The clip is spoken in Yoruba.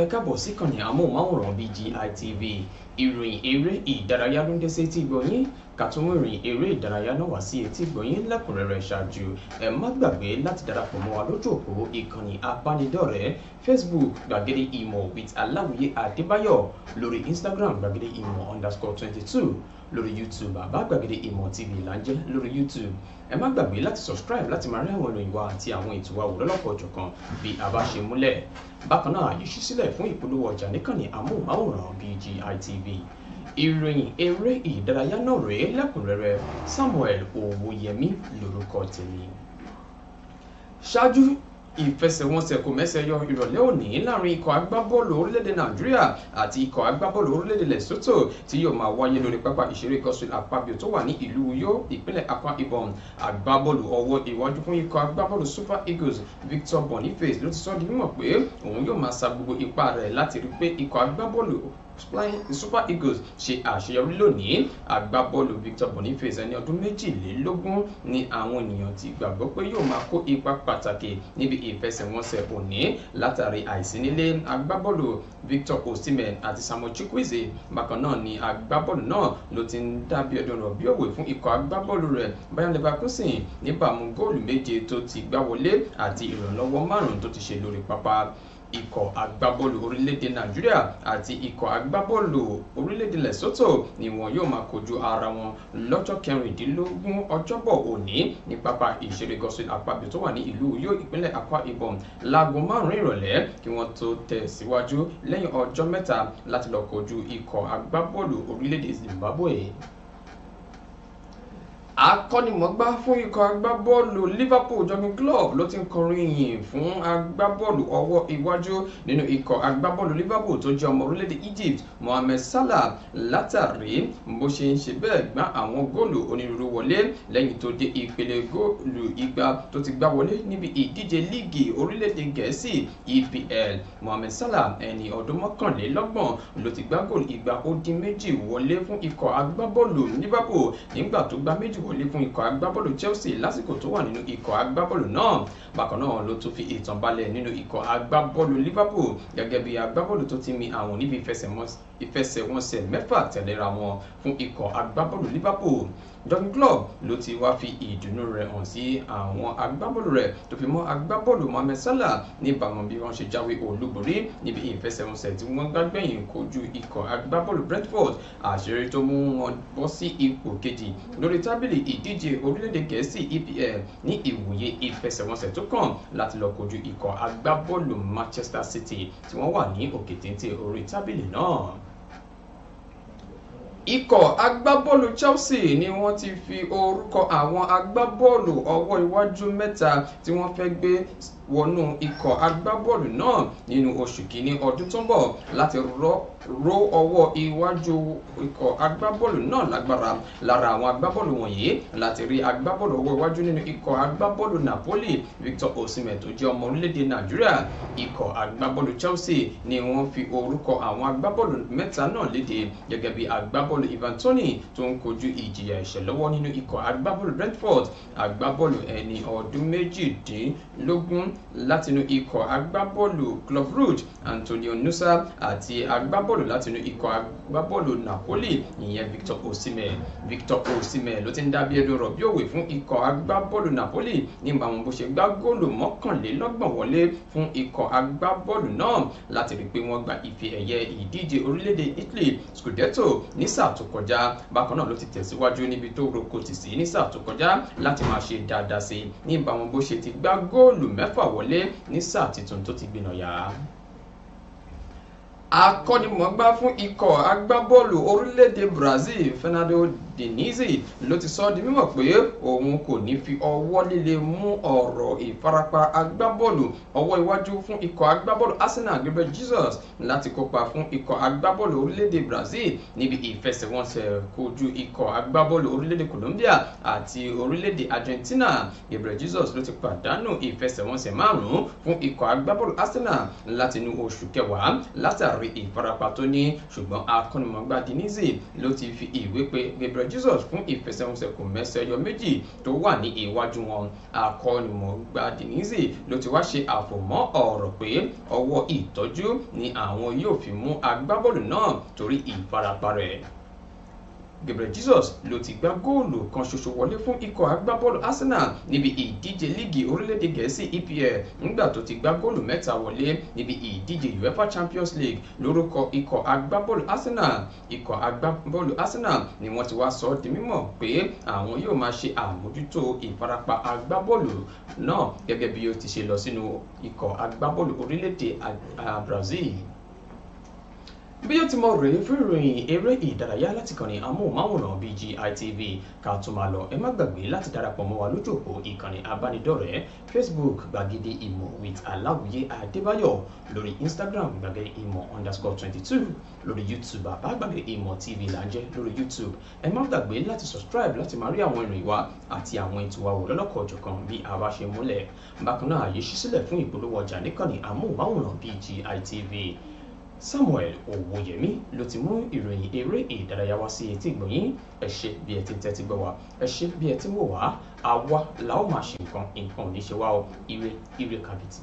ẹ káàbọ̀ sí ìkànnì amóhùnmáwòrán BGI TV ìròyìn eré ìdárayá ló ń dé sétí gbọ̀nyìn ká tó ń rìn eré ìdárayá náà wá sí etí gbọ̀nyìn lẹ́kùnrẹ́rẹ́ ṣáájú ẹ má gbàgbé láti darapọ̀ mọ́ wa lójú òpó ìkànnì abánidọ́rẹ̀ẹ́ facebook gbàgede ìmọ̀ with aláwìyé adébáyọ̀ lórí instagram gbàgede ìmọ̀ underscore twenty two lórí youtube àbá gbàgede ìmọ̀ tv ìlànjẹ́ lórí youtube ẹ má gbàgbé láti subscribe láti máa rí àwọn ìròyìn wa àti àwọn ètò wa wò lọ́lọ́pọ̀ ọ̀jọ̀kan bí a bá ṣe múlẹ̀ bákan náà yìí ṣí sílẹ̀ fún ìpolówó ọjà níkànnì amóhùnmáwòrán BGI TV ìròyìn eré ìdárayá náà rèé lẹ́kùnrẹ́rẹ́ Samuel Owóyẹmí lórúkọ tèmi ṣáájú ìfẹsẹ̀wọnsẹ̀ kò mẹ́sẹ̀yọ ìrọ̀lẹ́ òní láàrin ikọ̀ agbábọ́ọ̀lù orílẹ̀-èdè nàìjíríà àti ikọ̀ agbábọ́ọ̀lù orílẹ̀-èdè lesotho tí yóò máa wáyé lórí pápá ìṣeré Godswill Akpabio tó wà ní ìlú Uyo ìpínlẹ̀ Akwa Ibom agbábọ́ọ̀lù ọwọ́ iwájú fún ikọ̀ agbábọ́ọ̀lù super eagles Victor Boniface ló ti sọ di mímọ̀ pé òun yóò máa sa gbogbo ipá rẹ̀ láti rí pé ikọ̀ agbábọ́ọ̀lù super eagles ṣe àṣeyọrí lónìí agbábọ́ọ̀lù victor boniface ẹni ọdún méjìlélógún ni àwọn ènìyàn ti gbàgbọ́ pé yóò máa kó ipa pàtàkì níbi ìfẹsẹ̀wọnsẹ̀ òní látàrí àìsí nílé agbábọ́ọ̀lù victor osimhen àti samuel chukwueze bákan náà ni agbábọ́ọ̀lù náà ló ti ń dábí ọdún rọ̀ bí òwe fún ikọ̀ agbábọ́ọ̀lù rẹ̀ bayan leverkusen níbàámu góòlù méje tó ti gbá wọlé àti ìrànlọ́wọ́ márùn-ún tó ti ṣe lórí pápá ikọ̀ agbábọ́ọ̀lù orílẹ̀-èdè nàìjíríà àti ikọ̀ agbábọ́ọ̀lù orílẹ̀-èdè lesotho ni wọn yóò máa kojú ara wọn lọ́jọ́ kẹrìndínlógún ọjọ́bọ̀ òní ní pápá ìṣeré gọ́sùn àpapọ̀ tó wà ní ìlú Uyo ìpínlẹ̀ Akwa Ibom láago márùn-ún ìrọ̀lẹ́ kí wọ́n tó tẹ̀síwájú lẹ́yìn ọjọ́ mẹ́ta láti lọ kojú ikọ̀ agbábọ́ọ̀lù orílẹ̀-èdè zimbabwe akọ́nimọ̀gbá fún ikọ̀ agbábọ́ọ̀lù Liverpool Jurgen Klopp ló ti ń kọrin ìyìn fún agbábọ́ọ̀lù ọwọ́ iwájú nínú ikọ̀ agbábọ́ọ̀lù Liverpool tó jẹ́ ọmọ orílẹ̀-èdè Egypt Mohamed Salah látàrí bó ṣe ń ṣe bẹ́ẹ̀ gbá àwọn góòlù onírúurú wọlé lẹ́yìn tó dé ìpele góòlù igba tó ti gbá wọlé níbi ìdíje líìgì orílẹ̀-èdè Gẹ̀ẹ́sì EPL Mohamed Salah ẹni ọdún mọ́kànlélọ́gbọ̀n ló ti gbá góòlù igba ó dín méjì wọlé fún ikọ̀ agbábọ́ọ̀lù Liverpool nígbà tó gbá méjì w lékún ikọ̀ agbábọ́ọ̀lù Chelsea lásìkò tó wà nínú ikọ̀ agbábọ́ọ̀lù náà bákan náà ló tún fi ìtàn balẹ̀ nínú ikọ̀ agbábọ́ọ̀lù Liverpool gẹ́gẹ́ bí agbábọ́ọ̀lù tó ti mi àwọn níbi ìfẹsẹ̀mọsẹ̀ ìfẹsẹ̀wọnsẹ̀ mẹ́fà tẹ̀léra wọn fún ikọ̀ agbábọ́ọ̀lù Liverpool Jurgen Klopp ló ti wá fi ìdùnnú rẹ̀ hàn sí àwọn agbábọ́ọ̀lù rẹ̀ tó fi mọ́ agbábọ́ọ̀lù Mohamed Salah níbàámu bí wọ́n ṣe jáwé olúborí níbi ìfẹsẹ̀wọnsẹ̀ tí wọ́n gbàgbẹ́yìn kojú ikọ̀ agbábọ́ọ̀lù Brentford àṣírí tó mú wọn bọ́ sí ipò kejì lórí tábìlì ìdíje orílẹ̀-èdè gẹ̀ẹ́sì EPL ní ìwòye ìfẹsẹ̀wọnsẹ̀ tó kàn láti lọ kojú ikọ̀ agbábọ́ọ̀lù Manchester City tí wọ́n wà ní òkè téńté orí tábìlì náà ikọ̀ agbábọ́ọ̀lù Chelsea ni wọ́n ti fi orúkọ àwọn agbábọ́ọ̀lù ọwọ́ iwájú mẹ́ta tí wọ́n fẹ́ gbé wọnú ikọ̀ agbábọ́ọ̀lù náà nínú oṣù kìíní ọdún tó ń bọ̀ láti ró ọwọ́ iwájú ikọ̀ agbábọ́ọ̀lù náà lágbára lára àwọn agbábọ́ọ̀lù wọ̀nyí láti rí agbábọ́ọ̀lù ọwọ́ iwájú nínú ikọ̀ agbábọ́ọ̀lù Napoli Victor Osimhen tó jẹ́ ọmọ orílẹ̀-èdè Nàìjíríà ikọ̀ agbábọ́ọ̀lù Chelsea ni wọ́n fi orúkọ àwọn agbábọ́ọ̀lù mẹ́ta náà léde gẹ́gẹ́ bí agbáb agbábọ́ọ̀lù Ivan Toney tó ń kojú ìjìyà ẹ̀ṣẹ̀ lọ́wọ́ nínú ikọ̀ agbábọ́ọ̀lù Brentford agbábọ́ọ̀lù ẹni ọdún méjìdínlógún látinú ikọ̀ agbábọ́ọ̀lù Club Brugge Antonio Nusa àti agbábọ́ọ̀lù látinú ikọ̀ agbábọ́ọ̀lù Napoli ìyẹn Victor Osimhen Victor Osimhen ló ti ń dábí ẹdun rọ̀bí òwe fún ikọ̀ agbábọ́ọ̀lù Napoli nígbà wọn bó ṣe gbá góòlù mọ́kànlélọ́gbọ̀n wọlé fún ikọ̀ agbábọ́ọ̀lù náà láti rí pé wọ́n gba ife ẹ̀yẹ ìdíje orílẹ̀-èdè Italy Scudetto ní s sáà tó kọjá bákan náà ló ti tẹ̀síwájú níbi tó roko tì sí ní sáà tó kọjá láti máa ṣe dáadáa sí i ní ìbámu bó ṣe ti gbá góòlù mẹ́fà wọlé ní sáà tuntun tó ti gbìnà yá akọ́nimọ̀ọ́gbá fún ikọ̀ agbábọ́ọ̀lù orílẹ̀-èdè Brazil Fernando Denise ló ti sọ di mímọ̀ pé òun kò ní fi ọwọ́ líle mú ọ̀rọ̀ ìfarapa agbábọ́ọ̀lù ọwọ́ iwájú fún ikọ̀ agbábọ́ọ̀lù Arsenal Gabriel Jesus láti kópa fún ikọ̀ agbábọ́ọ̀lù orílẹ̀-èdè Brazil níbi ìfẹsẹ̀wọnsẹ̀ kojú ikọ̀ agbábọ́ọ̀lù orílẹ̀-èdè Colombia àti orílẹ̀-èdè Argentina Gabriel Jesus ló ti pàdánù ìfẹsẹ̀wọnsẹ̀ márùn-ún fún ikọ̀ agbábọ́ọ̀lù Arsenal látinú oṣù kẹwàá látàrí ìfarapa tó ní ṣùgbọ́n akọ́nimọ̀gbá Denise ló ti fi ìwé pe Gabriel Jesus fún ìfẹsẹ̀wọnsẹ̀ kò mẹ́sẹ̀yọ méjì tó wà ní iwájú wọn akọ́nimọ̀ọ́gbá Denise ló ti wá ṣe àfòmọ́ ọ̀rọ̀ pé ọwọ́ ìtọ́jú ni àwọn yóò fi mú agbábọ́ọ̀lù náà torí ìfarapa rẹ̀ Gabriel Jesus ló ti gbá góòlù kan ṣoṣo wọlé fún ikọ̀ agbábọ́ọ̀lù Arsenal níbi ìdíje líìgì orílẹ̀-èdè gẹ̀ẹ́sì EPL nígbà tó ti gbá góòlù mẹ́ta wọlé níbi ìdíje UEFA Champions League lórúkọ ikọ̀ agbábọ́ọ̀lù Arsenal ikọ̀ agbábọ́ọ̀lù Arsenal ni wọ́n ti wá sọ ọ́ di mímọ̀ pé àwọn yóò máa ṣe àmójútó ìfarapa agbábọ́ọ̀lù náà gẹ́gẹ́ bí ó ti ṣe lọ sínú ikọ̀ agbábọ́ọ̀lù orílẹ̀-èdè Brazil bí yóò ti mọ rèé fún ìròyìn eré ìdárayá láti kànnì amóhùnmáwòrán BGI TV ká tó máa lọ ẹ má gbàgbé láti darapọ̀ mọ́ wa lójú òpó ìkànnì abánidọ́rẹ̀ẹ́ Facebook gbàgede ìmọ̀ with aláwìyé adébáyọ̀ lórí Instagram gbàgede ìmọ̀ underscore twenty two lórí YouTube bàbá gbàgede ìmọ̀ TV là ń jẹ́ lórí YouTube ẹ má gbàgbé láti subscribe láti máa rí àwọn ìròyìn wa àti àwọn ètò wa wò lọ́lọ́kọ̀ọ̀jọ̀kan bí a bá ṣe múlẹ̀ bákan náà àyè ṣí sílẹ̀ fún ìpolówó ọjà níkànnì Samuel Owóyẹmí ló ti mú ìròyìn eré ìdárayá wá sí etí ìgbọ̀nyín ẹ ṣé bí ẹ ti tẹ́tí gbọ́ wa ẹ bí ẹ ti wò wá àwa la máa ṣe nǹkan nǹkan ò ní ṣe wá o ire ire kàbìtì.